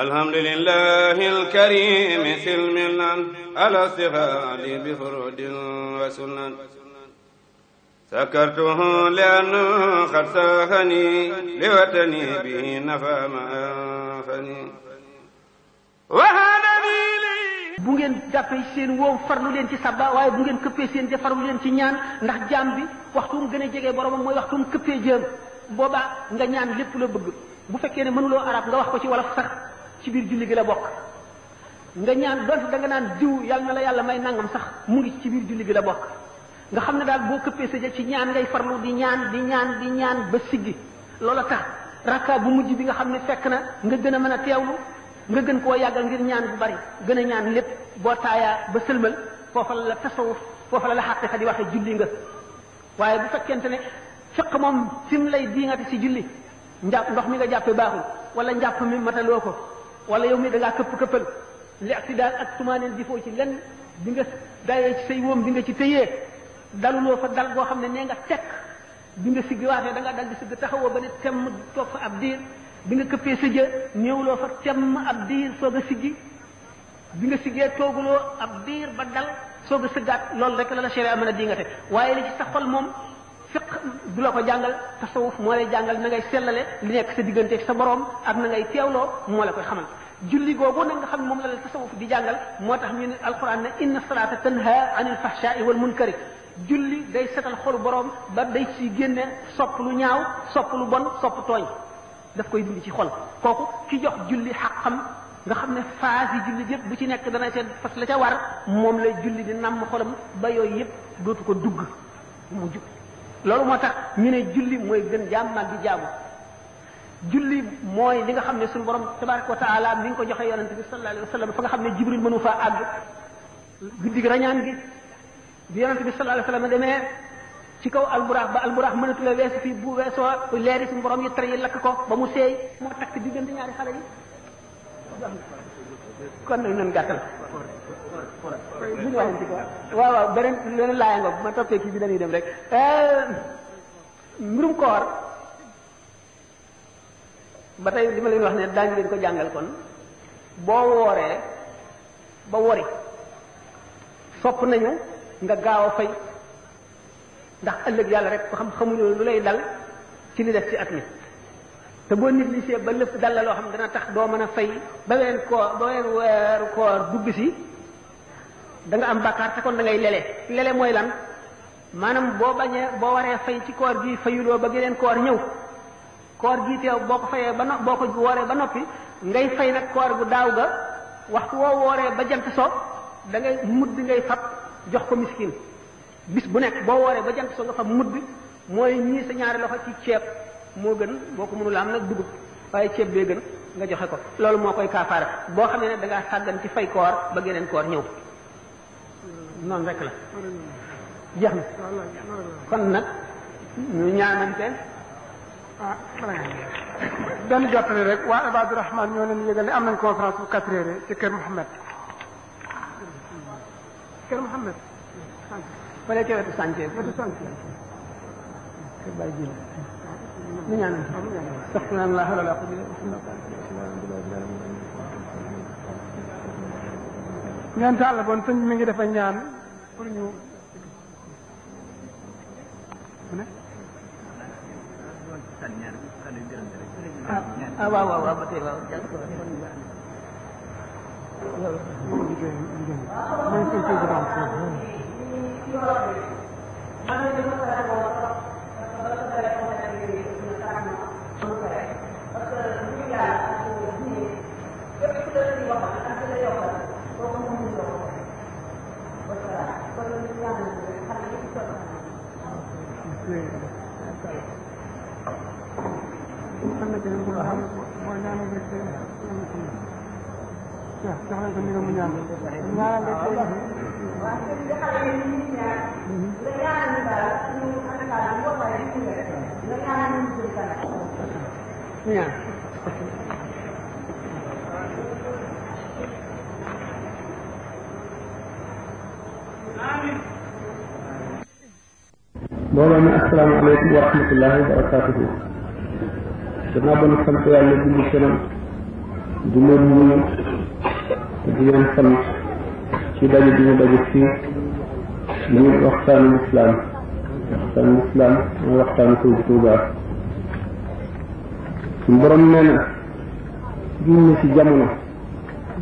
alhamdulillahi alkarimi silmilan ala sihadi bi furudin wa sunan sakartuhu liannu qad sahani liwatani bihi nafa ma anfani bu ngeen jàppee seen woow farlu leen ci sabba waaye bu ngeen këppee seen jë farlu leen ci ñaan ndax jaam bi waxtum gën a jegee boromam mooy waxtum këppee jëm boobaa nga ñaan lépp la bëgg bu fekkee ne mënuloo arab nga wax ko ci wolof sax ci biir julli gi la bokk nga ñaan doonte da nga naan diw yàlla na la yàlla may nangam sax mu ngi ci biir julli gi la bokk nga xam ne daal boo këppee sa jë ci ñaan ngay farlu di ñaan di ñaan di ñaan ba siggi loola tax rakka bu mujj bi nga xam ne fekk na nga gën a mën a teewlu nga gën koo yàggal ngir ñaan bu bari gën a ñaan lépp boo taayaa ba sëlmal foofa la tasawuf foofa la la xaqiqa di waxee julli nga waaye bu fekkente ne fiq moom fi mu lay diingate ci julli njàpp ndox mi nga jàppee baaxul wala njàpp mi ko wala yow mi da ngaa këpp këppal leexti daal ak tumaaneel jifoo ci lenn bi nga dayee ci say wóom bi nga ci tëyee daluloo fa dal goo xam ne nee nga tekk bi nga siggi waatee da nga dal di sigg taxawoo ba ne temm toog fa ab diir bi nga këppee sa jë néewloo fa temm ab diir soog a siggi bi nga siggee tooguloo ab diir ba dal soog a sëggaat loolu rekk la la sharia mën a dingate waaye li ci sa xol moom fiq du la ko jàngal tasawuf moo lay jàngal na ngay sellale li nekk sa digganteeg sa borom ak na ngay teewloo moo la koy xamal julli googu nag nga xam ne moom la la tasawuf di jàngal moo tax ñu ne alquran ne inna salaata tanha anil fahshaai wal munkari julli day setal xolu boroom ba day ci génne lu ñaaw sopp lu bon sopp tooñ daf koy dindi ci xol kooku ki jox julli xaqam nga xam ne phase yi julli yëpp bu ci nekk dana ca fas la ca war moom lay julli di namm xolam ba yooyu yëpp dootu ko dugg mu jub loolu moo tax ñu ne julli mooy gën jaam mag di jaamu julli mooy li nga xam ne suñu borom tabaraka wa taala mi ko joxe yonente bi sallallahu alayhi wa sallam fa nga xam ne jibril mënu faa àgg guddi gi rañaan gi bi yonente bi sallallahu alayhi wa sallam demee ci kaw alburaax ba alburaax mënatula weesu fii bu weesoo leeri suñu borom yi tar yi ko ba mu seey moo takk diggante ñaari xale yi kon nag nan gàttal ma bi dañuy dem rek euh, mbirum koor ba tey li ma leen wax ne daañu leen ko jàngal kon boo wooree ba wori sopp nañu nga gaaw a fay ndax ëllëg yàlla rek ko xam xamuñu lu lay dal ci li def ci at mi te boo nit li see ba lépp dal la loo xam dana tax doo mën a fay ba ween koor ba ween weeru koor dugg si da am bàkkaar te kon da ngay lele lele mooy lan maanaam boo bañee boo waree fay ci koor gi fayuloo ba geneen koor ñëw koor gi teew boo ko fayee ba no boo ko wooree ba noppi ngay fay nag koor bu daaw ga waxtu woo wooree ba jant so da ngay mudd ngay fab jox ko miskin bis bu nekk boo wooree ba jant so nga fab mudd mooy ñii sa ñaari loxo ci ceeb moo gën boo ko mënula am nag dugub waaye ceeb bee gën nga joxe ko loolu moo koy kaafaara boo xamee ne da ngaa sàggan ci fay koor ba geneen koor ñëw noonu rek la jeex na kon nag ñu ñaanante ah bala ngaa ñëw benn jottali rek waa Ibaadu Rahmaan ñoo leen yëgal am nañ conférence bu quatre heures ci Kër Mouhamed. Kër Mouhamed. fële ca wetu Sànce wetu Sànce. Kër Baye Dina. bon sëñ mi ngi dafa ñaan pour ah waaw waaw waaw ba tey waaw jàll ko Thank you. ñaan mbooloo mi asalaamaaleykum wa rahmatullahi wa barakatuhu danaa ba ñu yàlla julli kenam di leen nuyu te di leen sant ci daje bi ñu daje fii muy waxtaanu lislaam waxtaanu lislaam mooy waxtaanu sëñ Tuubaa suñu borom nee na junni ci jamono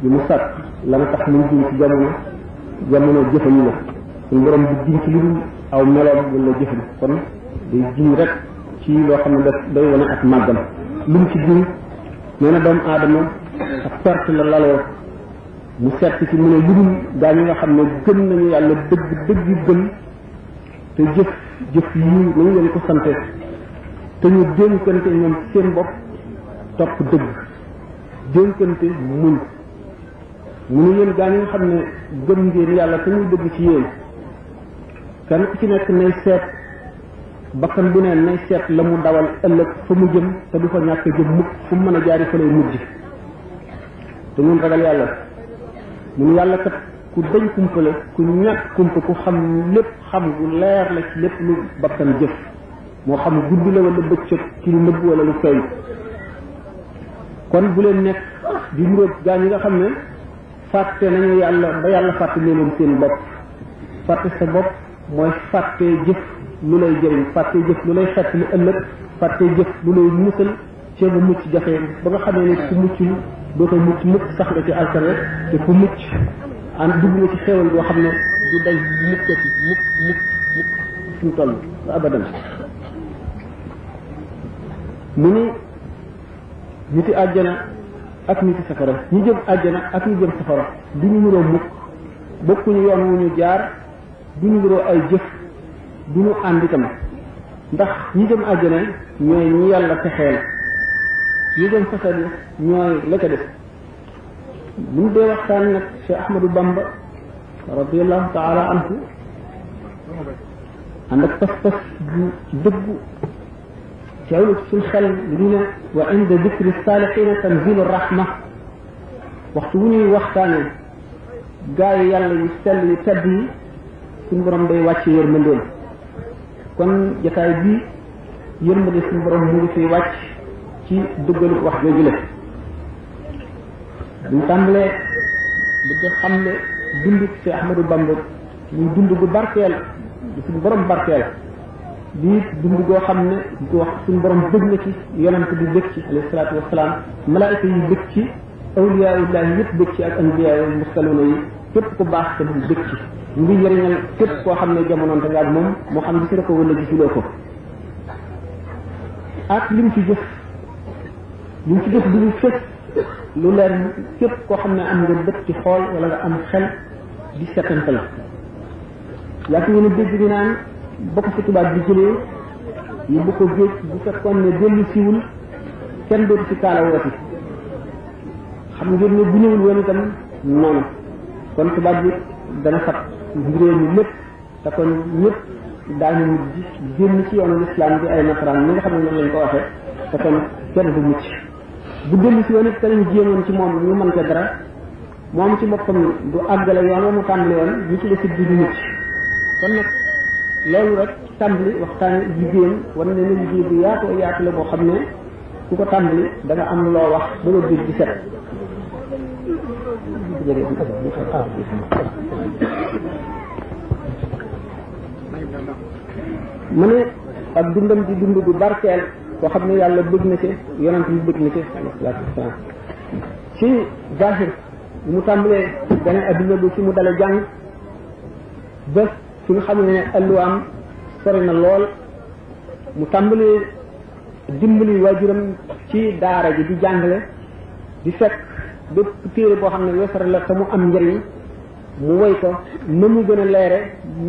bi mu sàkk la nga tax muy junni ci jamono jamono jëfam la suñu borom di junni ci lu dul aw meloom wala jëfam kon day junni rek ci loo xam ne daf day wane ak màggam lu mu ci jur nee na doomu aadama ak perte la laloo mu seet ci mu ne ludul gaa ñi nga xam ne gëm nañu yàlla dëgg dëgg yu gëm te jëf jëf yii nañu leen ko sante te ñu dénkante ñoom seen bopp topp dëgg dénkante muñ mu ne yéen gaa ñi nga xam ne gëm ngeen yàlla te muy dëgg ci yéen kenn ku ci nekk nay seet bakkan bu ne nay seet la mu dawal ëllëg fa mu jëm te du fa ñàkk jëm mukk fu mu mën a jaari fa lay mujj te ñun ragal yàlla ñun yàlla kat ku dañ kumpale ku ñàkk kumpa ku xam lépp xam gu leer la ci lépp lu bakkan jëf moo xam guddi la wala bëccëg ci lu nëbb wala lu feeñ kon bu leen nekk di muróog gaa ñi nga xam ne fàtte nañu yàlla ba yàlla fàtte leen seen bopp fàtte sa bopp mooy fàtte jëf lu lay jëriñ fàttee jëf lu lay fett lu ëllëg fàttee jëf lu lay musal ci mucc jafe ba nga xamee ne ku muccul doo ko mucc mukk sax nga ci alkare te ku mucc ànd dugg nga ci xéewal boo xam ne du day muccati mukk mukk mukk suñu toll ba abadan mu ni niti àjjana ak niti safara ñu jëm àjjana ak ñu jëm safara du ñu niroo mukk bokkuñu yoon wu ñu jaar du ñu niroo ay jëf du ñu ànd itam ndax ñi dem àjjana ñooy ñi yàlla texeel ñi dem fasal ñooy la ca def bu ñu dee waxtaan nag Cheikh Ahmadou Bamba radiallahu taala anhu ànd ak pas-pas bu dëggu teewlu ci suñ xel li ne wa inda dicri saalihina tanzilu rahma waxtu wu ñuy waxtaane gaayu yàlla yu sell yu tedd yi suñ borom day wàcce yërmandeem kon jotaay bii yërmande suñu borom mu ngi fiy wàcc ci dëggalu wax jooju la buñ tàmbalee di xam ne dund ci Ahmadou Bamba muy dund bu barkeel suñu borom barkeel di dund goo xam ne ko wax suñu borom bëgg na ci yonante bi bëgg ci alayhi salaatu wasalaam malaayika yi bëgg ci awliyaa ullahi yëpp bëgg ci ak anbiyaa yi yi képp ku baax te mu bëgg ci ngi yëriñal képp koo xam ne jamonoon te nga ak moom mu xam si nga ko wala gisuloo ko ak lim ci jëf lim ci jëf du ñu fekk lu leer képp koo xam ne am nga bët ci xool wala nga am xel di setantal yàgg ngeen a dégg ñu naan ba ko fi tubaab bi jëlee yóbbu ko géej bu fekkoon ne dellu siwul kenn dootu ci kaala wooti xam ngeen ne bu ñëwul woon itam noonu kon tubaab bi dana fat juróomi lépp te kon ñëpp daañu mujj génn ci yoonu lislaam bi ay nasaraan ñi nga xam ne noonu lañ ko waxee te kon kenn du mucc bu dellu si yoon it danañ jéemoon ci moom ñu mën ko dara moom ci boppam du àggale yoon mu woon ñi ci desit bi du mucc kon nag loolu rek tàmbali waxtaan jigéen wan ne na liggéey bu yaatu a yaatu la boo xam ne ku ko tàmbali da nga am loo wax ba nga biir di set mane ne ak dundam di dund bu barkeel koo xam ne yàlla bëgg na ci yonent bi bëgg na ci alayhi ci zahir bu mu tàmbalee gane adduna bi ci mu dale jàng ba fi nga xam ne alluwaam sori na lool mu tàmbalee dimbali waajuram ci daara ji di jàngale di fekk bépp téere boo xam ne wesar la te mu am njëriñ mu woy ko na mu gën a leere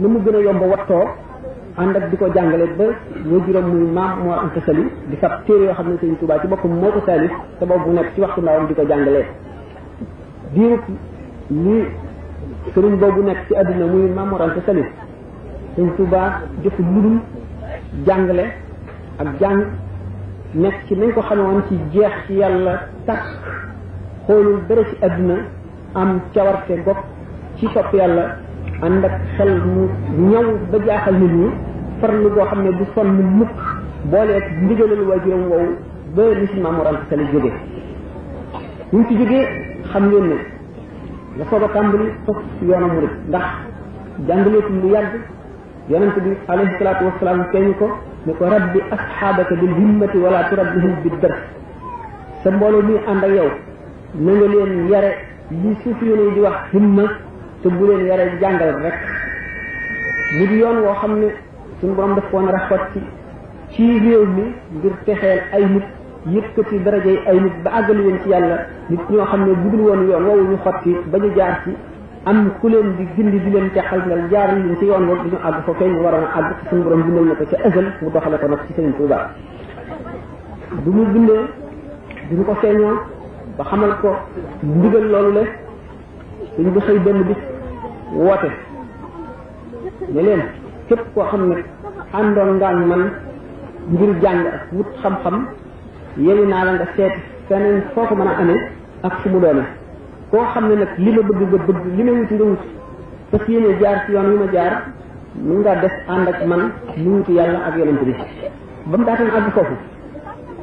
na mu gën a yomb wattoo ànd ak di ko jàngale ba waajuram muy maam moo am di sab téere yoo xam ne Sëriñ Tuubaa ci boppam moo ko taalif te boobu bu nekk ci waxtu ndawam di ko jàngalee diirub li nekk ci àdduna muy maam moo am tasali Sëriñ Tuubaa jëfu ludul jàngale ak jàng nekk ci nañ ko xame woon ci jeex ci yàlla takk xoolul dara ci àdduna am cawarte bopp ci topp yàlla ànd ak xel mu ñaw ba jaaxal nit ñi farlu goo xam ne du sonn mukk boole ak ndigalal waajuram woowu ba li si Maam Mor Anta Sali jógee ci jógee xam ngeen ne la soog a tàmbali fas yoonam murid ndax jàngaleetum lu yàgg yonent bi alayhi salaatu wasalaam feeñ ko ne ko rabbi asxaabaka bil himmati wala turabbihim bi dër sa mbooloo mi ànd ak yow na leen yare li suuf yéene di wax himma te bu leen yaree jàngal rek mu yoon woo xam ne suñu borom daf koon raxot ci ci réew mi ngir texeel ay nit yëkkati daraja yi ay nit ba àggali leen ci yàlla nit ñoo xam ne bu woon yoon woowu ñu xotti ba ñu jaar ci am ku leen di gindi di leen teqal ngal jaar leen ci yoon woowu ñu àgg fa kay ñu waroon a àgg suñu borom bindal na ko ca ëggal mu doxale ko nag ci Sëriñ Tuuba bu mu bindee duñu ko feeñoo ba xamal ko ndigal loolu la suñ bu xëy benn bi woote ne leen képp koo xam ne àndoon ngaan man ngir jàng ak wut xam-xam yéli naa la nga seet feneen foo ko mën a amee ak fu mu doone koo xam ne nag li ma bëgg nga bëgg li ma wuti nga wuti fas yéene jaar ci yoon wi ma jaar mu nga def ànd ak man mu wuti yàlla ak yonent bi ba mu daatan àgg foofu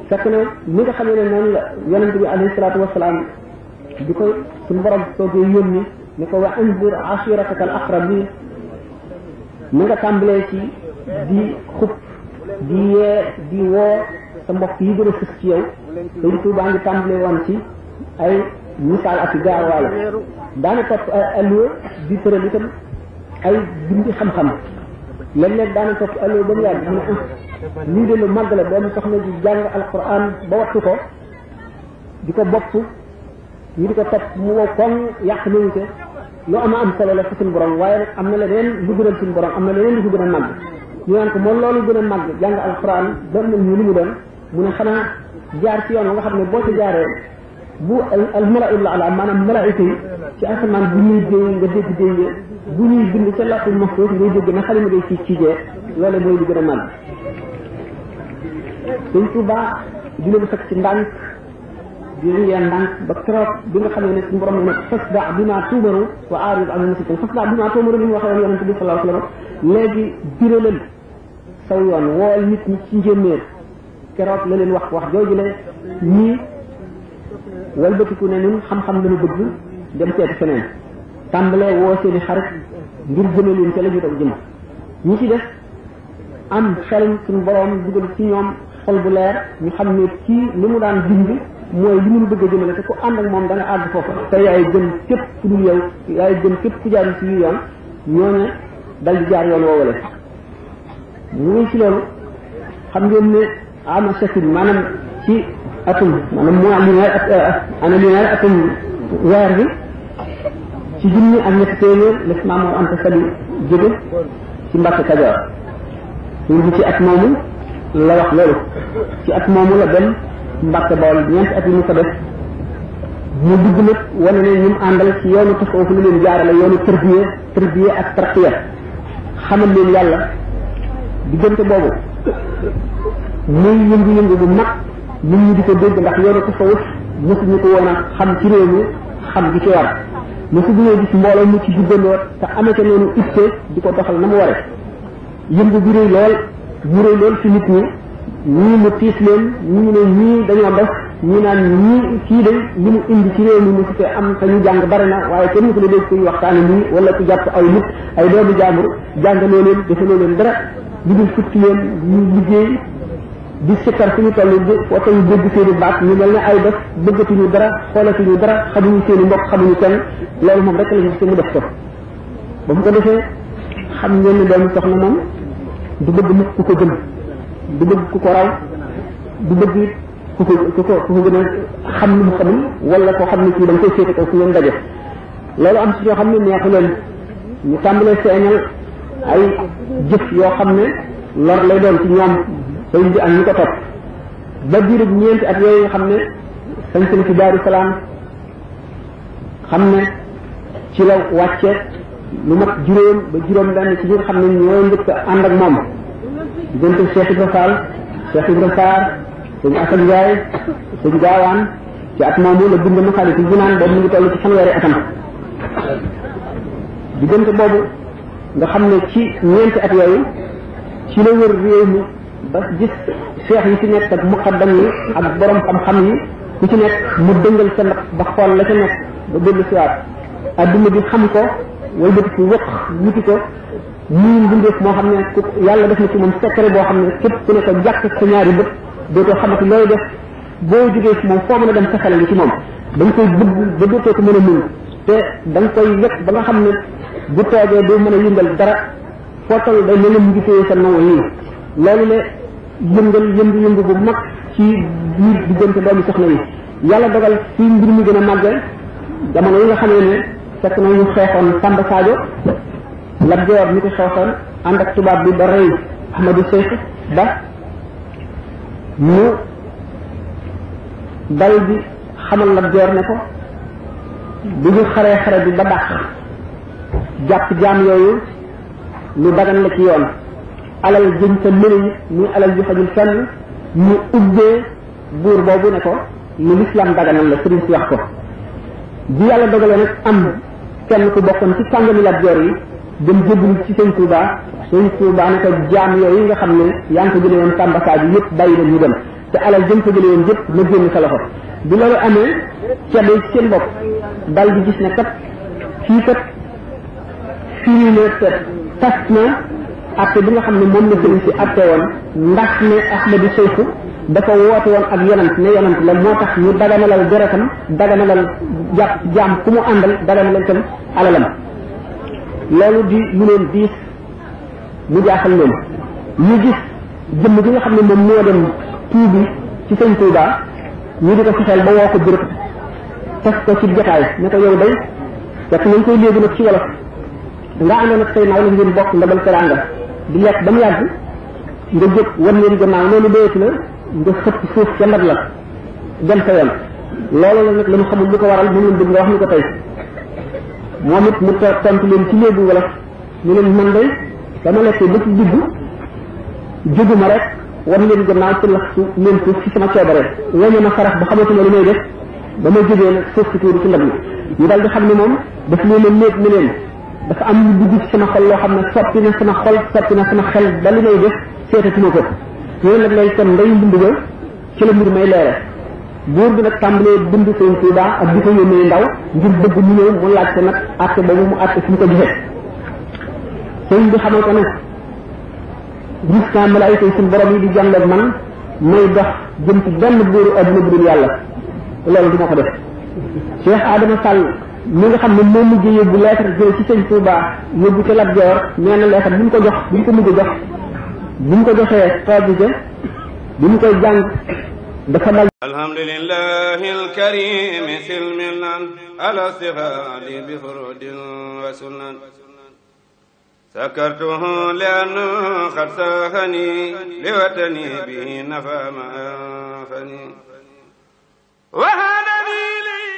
fekk na ni nga xam ne noonu la yonent bi alayhi salaatu wasalaam bi ko suñu borom soogee yónni ni ko wa anzur ashirataka al aqrabin na nga tàmbalee ci di xub di yee di woo sa mbokk yi gën a fës ci yow Sëriñ Tuubaa ngi tàmbalee woon ci ay misaal ak gaawaale daana topp allo di tëral itam ay bindi xam-xam léeg-léeg daana allo ba mu yàgg mu ne ah, lii de lu màgg la doomu soxna di jàng ba wattu ko ko bopp ñu di ko topp mu wow koŋ yàq nañu ko lu a am solo la ci suñu borom waaye am na leneen lu gën a borom am na leneen lu ci gën a màgg ñu naan ko moom gën a màgg jàng alxuraan doon nañ ñu lu mu doon mu ne xanaa jaar ci yoon nga xam ne boo ci jaaree bu al malaa'ikatu ala maanaam malaa'ika yi ci asamaan bu ñuy déy nga dégg déy nga bu ñuy bind ca làppul maxfuus ngay dégg na xalima day ci cijee loolu mooy lu gën a màgg suñ du dina bu sag ci ndànk di wuyee ndànk ba nga xam ne suñu borom ne fasda bi maa tuumaru wa aarid anil musrikiin fasda bi wa sallam léegi biralal saw yoon wool nit ñi ci njéeméer keroot la leen wax wax jooju ne ñii walbatiku ne ñun xam-xam la ñu bëgg dem seeti feneen tàmbalee woo seeni xarit ngir jëme leen ca la ñu doon jëm ñi ci def am xel suñu borom dugal ci ñoom xol bu leer ñu xam ne kii li mu daan bind mooy li mu bëgg a jëmale te ku ànd ak moom dana àgg foofa te yaay gën képp ku dul yow yaay gën képp ku jaarul ci yu yoon ñooñu dal di jaar yoon woowale mu ngi ci loolu xam ngeen ne ama sakin maanaam ci atum maanaam mois li euh, Sali jóge ci Mbàkke Kajoor ñun ci at moomu la wax loolu ci at moomu la dem Mbàkke Bawol ñeenti at yi mu ko def mu dugg nag wane ne ñu mu àndal ci yoonu tasawuf lu leen jaarale yoonu tërbiye tërbiye ak tarqiya xamal leen yàlla diggante boobu muy yëngu-yëngu bu mag nit ñi di ko dégg ndax yoonu tasawuf mësuñu ko woon a xam ci réew mi xam gi ci war mësuñu di mbooloo mu ci jubbandoo te ame ca noonu itte di ko doxal na mu ware yëngu bi réy lool mu réy lool ci nit ñi ñii mu tiis leen ñii ne ñii dañoo def ñii naan ñii kii de li mu indi ci réew mi mu fi am te ñu jàng bari na waaye kenn ku ne dégg kuy waxtaane nii wala ku jàpp ay nit ay doomu jaambur leen defaloo leen dara di dul futti leen ñu liggéey di sikkar suñu toll bi yu baat ñu mel ne ay def bëggatuñu dara xoolatuñu dara xamuñu seen i mbokk xamuñu kenn loolu moom rek la ñu mu def ko ba mu defee xam ngeen ne doomu soxna moom du bëgg mukk ku ko gën du bëgg ku ko raw du bëgg it ku ko ku ko ku ko gën a xam lu mu xamul wala koo xam ne kii da koy féete kaw fu ngeen daje loolu am ci ñoo xam ne neexu leen ñu tàmbalee feeñal ay jëf yoo xam ne lor lay doon ci ñoom sëñ bi ak ñu ko topp ba diirub ñeenti at yooyu xam ne sañ seen ci Daaru Salaam xam ne ci la wàcce lu mat juróom ba juróom benn ci ñi xam ne ñoo njëkk ànd ak moom diggante Cheikh Ibra Fall Cheikh Ibra Sarr sëñ Assane Ndiaye sëñ Gaawaan ci at moomu la bind Masaalikul Jinaan boobu mu ngi toll ci fanweeri atam diggante boobu nga xam ne ci ñeenti at yooyu ci la wër réew mi ba gis cheikh yi ci nekk ak muqaddam yi ak borom xam-xam yi ku ci nekk mu dëngal sa ndax ba xool la ca nekk ba dellu siwaat adduna bi xam ko wëlbati wëq wuti ko ñii mbindeef moo xam ne ku yàlla def na ci moom secret boo xam ne képp ku ne ko jàkk sa ñaari bët dootoo xamati looy def boo jógee moom foo mën a dem sa xelal moom da nga koy bëgg ba dootoo ko a muñ te da nga koy yëg ba nga xam ne bu toogee doo mën a yëngal dara foo toll day mel ne mu ngi téye sa naw yi loolu ne yëngal yëngu yëngu bu mag ci biir diggante doomu soxna yi yàlla dogal ci mbir mi gën a màgge jamono yi nga xamee ne fekk na ñu xeexoon Samba Sadio Lat Joor mi ko soosoon ànd ak tubaab bi ba rëy Ahmadu Seex ba mu dal bi xamal Lat Joor ne ko bu ñu xaree xare bi ba dàq jàpp jaam yooyu lu dagan la ci yoon alal jën sa mënuñu muy alal ju xajul fenn mu ubbee buur boobu ne ko mu lislaam daganal la sëriñ si wax ko bi yàlla dogalee nag am kenn ku bokkoon ci sàngami Lat Joor yi dem jébbalu ci sëñ Touba sëñ Touba ne ko jaam yooyu nga xam ne yaa ngi ko jëlee woon Tamba Sadio yëpp bàyyi leen ñu dem te alal jëm ko jëlee woon yëpp na génn sa loxo bi loolu amee ceddo ci seen bopp dal di gis ne kat fii kat fii ne te tas na atte bi nga xam ne moom la sëñ si atte woon ndax ne Ahmadu Seyfu dafa woote woon ak yonant ne yonant la moo tax ñu daganalal deretam daganalal jàpp jaam ku mu àndal daganalal itam alalam loolu di lu leen diis mu jaaxal leen ñu gis jëmm gi nga xam ne moom moo dem tuubi ci sëñ Tuuba ñu di ko fexeel ba woo ko bërëb teg ko ci jotaay ne ko yow day fekk nañ koy léegi nag ci wolof danga àndoon ak say nawle ngeen bokk ndabal teranga di lekk ba mu yàgg nga jóg wan leen gannaaw loolu doyatu la nga xëpp suuf ca ndab la dem sa yoon loolu la nag la ñu xamul lu ko waral moom lañ bëgg nga wax ni ko tey moom it mu tontu leen ci léegi wala ñu leen man day dama nekkee ba ci digg jóguma rek wan leen gannaaw ci lax su leen suuf ma xarax ba xamatuma lu may def ba ma jógee nag suuf si tuuru ci ndab yi ñu daal xam ne moom daf leen a néeg leen dafa am lu dugg ci sama xol loo xam ne soppi na sama xol soppi na sama xel ba li may def seetatuma ko loolu nag lay kon nday mbund ga ci la mbir may leere buur bi nag tàmbalee bind seen Tuuba ak di ko yónnee ndaw ngir bëgg mu ñëw mu laaj ko nag àtte boobu mu àtte fi mu ko gisee sëñ bi xamal ko ne gis naa malaayika yi suñ yi di jàngal man may dox jëm ci benn buuru adduna bu dul yàlla loolu du ma ko def Cheikh Adama Sall mi nga xam ne moo mujj yóbbu lettre jël ci sëñ Tuuba yóbbu ca Lat Joor nee na lettre bi mu ko jox bi mu ko mujj jox bi mu ko joxee xooju ja bi mu koy jàng dafa dal alhamdulillahi alkarim silmilan ala stifadi bi furudin wa sunan sakartuhu lianna qad sahani liwatani bihi nafa ma anfani wa hadani li